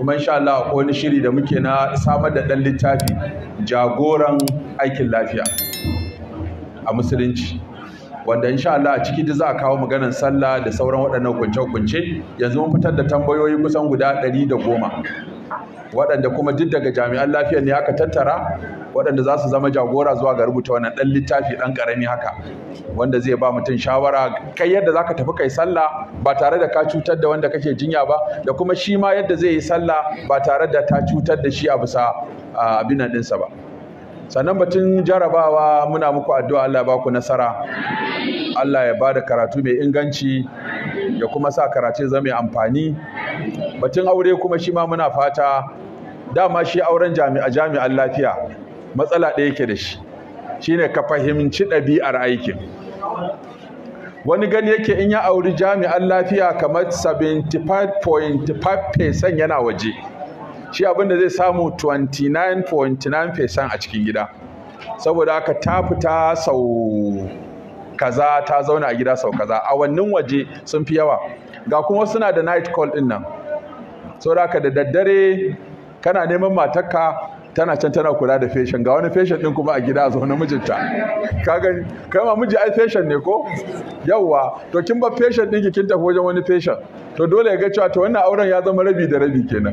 kuma insha Allah akwai wani shiri da muke na samar da ɗan littafi jagoran aikin lafiya a musulunci wanda insha Allah a ciki za a kawo maganar sallah da sauran waɗannan kunce-kunce yanzu mun fitar da tambayoyi kusan guda ɗari da goma waɗanda kuma duk daga jami'an lafiya ne aka tattara waɗanda za su zama jagora zuwa ga rubuta wannan ɗan littafi ɗan ƙarami haka wanda zai ba mutum shawara kai yadda za ka tafi kai sallah ba tare da ka cutar da wanda kake jinya ba da kuma shi ma yadda zai yi sallah ba tare da ta cutar da shi a bisa abin ɗinsa ba sannan batun jarabawa muna muku addu'a Allah ya ba ku nasara Allah ya ba da karatu mai inganci ya kuma sa karatu zama amfani batun aure kuma shi ma muna fata dama shi auren jami'a jami'an lafiya matsala ɗaya yake da shi shine ka fahimci ɗabi'ar aikin wani gani yake in ya auri jami'an lafiya kamar 75.5% yana waje shi abinda zai samu 29.9% a cikin gida saboda aka ta fita sau kaza ta zauna a gida sau kaza awannin waje sun fi yawa ga kuma suna da night call din nan saboda ka da daddare kana neman matarka tana can tana kula da feshin ga wani feshin din kuma a gida a zaune mijinta ka gani kai ma miji ai feshin ne ko yawwa to kin ba feshin din kin tafi wajen wani feshin to dole ya ga cewa to wannan auren ya zama rabi da rabi kenan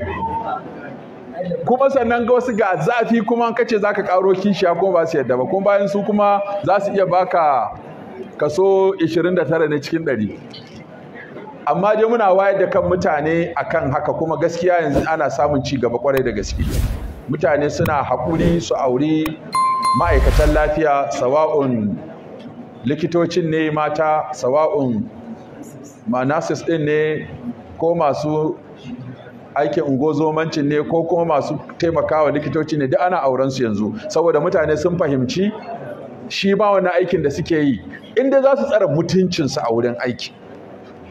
kuma sannan ga wasu ga zafi kuma kace zaka karo kishiya kuma ba su yadda ba kuma bayan su kuma za su iya baka kaso 29 ne cikin 100 amma dai muna wayar da kan mutane akan haka kuma gaskiya yanzu ana samun ci gaba kwarai da gaskiya. mutane suna haƙuri su auri ma'aikatan lafiya sawa'un likitocin ne mata sawa'un manasis ɗin ne ko masu aikin ungozomancin ne ko kuma masu taimakawa likitoci ne duk ana auren yanzu saboda mutane sun fahimci shi ba wani aikin da suke yi inda za su tsara mutuncinsu a wurin aiki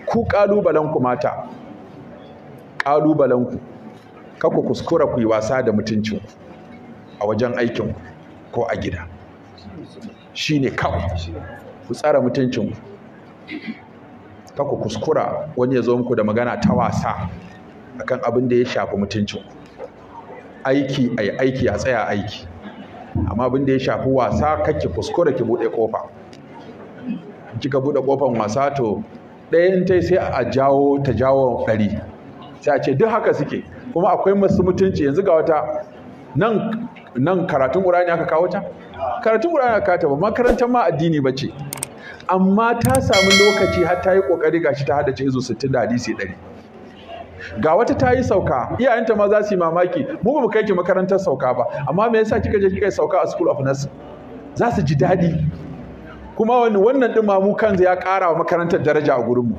ku ƙalubalenku mata ƙalubalenku ka kuskura ku yi wasa da mutuncin ku a wajen aikin ku ko a gida shi ne kawai ku tsara mutuncin ka ku kuskura wani ya zo muku da magana ta wasa akan abin da ya shafi mutuncin ku? aiki ai aiki a tsaya aiki amma abin da ya shafi wasa kake kuskura ki buɗe kofa. kika buɗe kofan wasa to ɗayan ta sai a jawo ta jawo ɗari sai a ce duk haka suke kuma akwai masu mutunci yanzu ga wata nan nan karatun Qur'ani aka kawo ta karatun Qur'ani aka ta ba makarantar ma addini ba ce amma ta samu lokaci har ta yi kokari gashi ta hada ce izo 60 da hadisi 100 ga wata ta yi sauka iyayenta ma za su yi mamaki mu ba mu kai ki makarantar sauka ba amma me yasa kika je kika yi sauka a school of nursing za su ji daɗi kuma wannan din ma mu kanzu ya ƙara wa makarantar daraja a gurinmu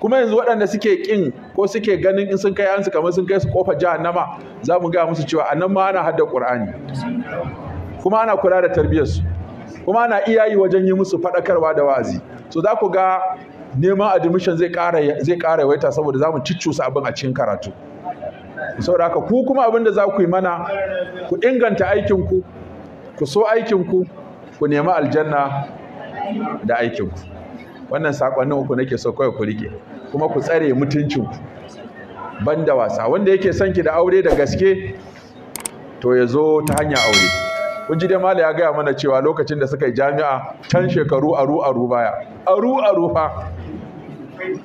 kuma yanzu waɗanda suke ƙin ko suke ganin in sun kai ansu kamar sun kai su kofar nama, za mu gaya musu cewa anan ma ana hadda qur'ani kuma ana kula da tarbiyyarsu kuma ana iya yi wajen yi musu faɗakarwa da wa'azi so za ku ga neman admission zai ƙara zai yawaita saboda za mu su abin a cikin karatu saboda haka ku kuma abin da za ku yi mana ku inganta aikinku ku so aikinku ku nemi aljanna da aikinku wannan sakonnin uku nake so kawai ku rike kuma ku tsare mutuncinku da wasa wanda yake son ki da aure da gaske to ya zo ta hanya aure kun ji dai ya gaya mana cewa lokacin da suka yi jami'a can shekaru aru aru baya aru aru fa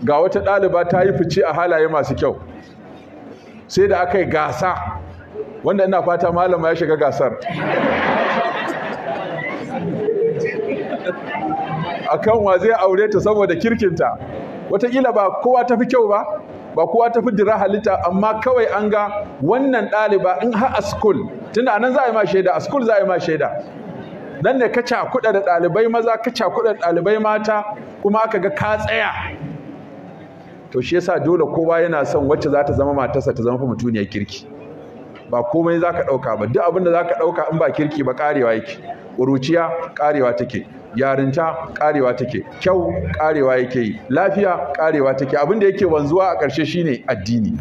ga wata ɗaliba ta yi fice a halaye masu kyau sai da aka yi gasa wanda ina fata malama ya shiga gasar akan wa zai aure ta saboda kirkinta wataƙila ba kowa ta fi kyau ba ba kowa ta fi dira halitta amma kawai an ga wannan ɗaliba in ha a school tunda anan za a yi ma shaida a school za a yi ma shaida nan ne ka kuɗa da ɗalibai maza ka kuɗa da ɗalibai mata kuma aka ga ka tsaya to shi yasa dole kowa yana son wacce za ta zama matarsa ta zama fa mutuniyar kirki ba komai za ka ɗauka ba duk abin da za ka ɗauka in ba kirki ba ƙarewa yake ƙuruciya ƙarewa take yarinta ƙarewa take kyau ƙarewa yake yi lafiya ƙarewa take abin da yake wanzuwa a ƙarshe shine addini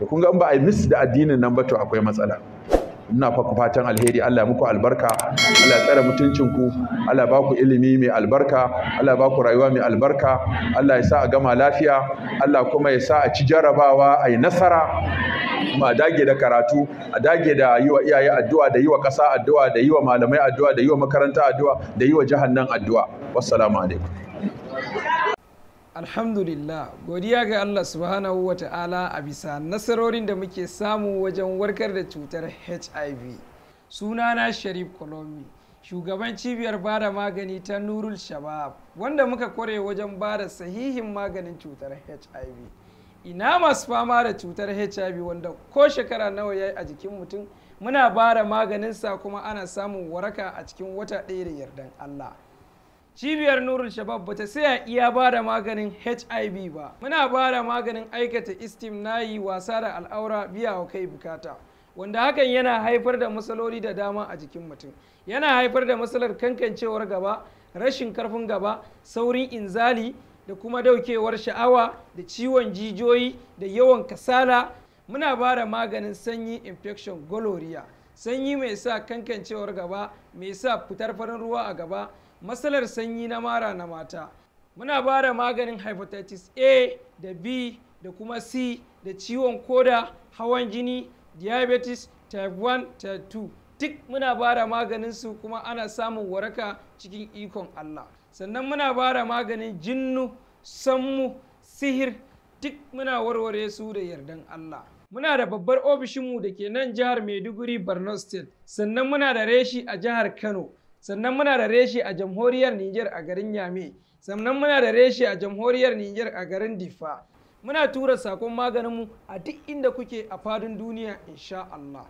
da kun ga in ba a yi mis da addinin nan ba to akwai matsala ina fa fatan alheri Allah muku albarka Allah tsare mutuncinku Allah ba ku ilimi mai albarka Allah ba ku rayuwa mai albarka Allah ya sa a gama lafiya Allah kuma ya sa a ci jarabawa a yi nasara kuma a dage da karatu a dage da yi wa iyaye addu'a da yi wa ƙasa addu'a da yi wa malamai addu'a da yi wa makaranta addu'a da yi wa jihar nan addu'a wassalamu alaikum alhamdulillah godiya ga allah subhanahu wa ta'ala a bisa nasarorin da muke samu wajen warkar da cutar hiv sunana sharif kolomi shugaban cibiyar bada magani ta nurul shabab wanda muka kware wajen ba da sahihin maganin cutar hiv ina masu fama da cutar hiv wanda ko shekara nawa ya yi a jikin mutum muna bara sa kuma ana samun waraka a cikin wata ɗaya da yardan allah cibiyar nurul shabab bata saya iya bada maganin hiv ba muna bada maganin aikata istim yi wasa da al'aura biya wa kai bukata wanda hakan yana haifar da matsaloli da dama a jikin mutum yana haifar da matsalar kankancewar gaba rashin karfin gaba saurin inzali da kuma daukewar sha'awa da ciwon jijiyoyi da yawan kasala muna bara maganin sanyi infection gonorrhea sanyi mai sa kankancewar gaba mai sa fitar farin ruwa a gaba matsalar sanyi na mara na mata muna bara maganin hepatitis a da b da kuma c da ciwon koda hawan jini diabetes type 1 type 2 duk muna bara maganin su kuma ana samun waraka cikin ikon allah sannan muna bara maganin jinnu sammu sihir duk muna warware su da yardan Allah muna da babbar ofishinmu da ke nan jihar maiduguri borno state sannan muna da reshi a jihar kano sannan muna da reshi a jamhuriyar niger a garin yame sannan muna da reshi a jamhuriyar niger a garin difa muna tura sakon maganinmu a duk inda kuke a fadin duniya insha Allah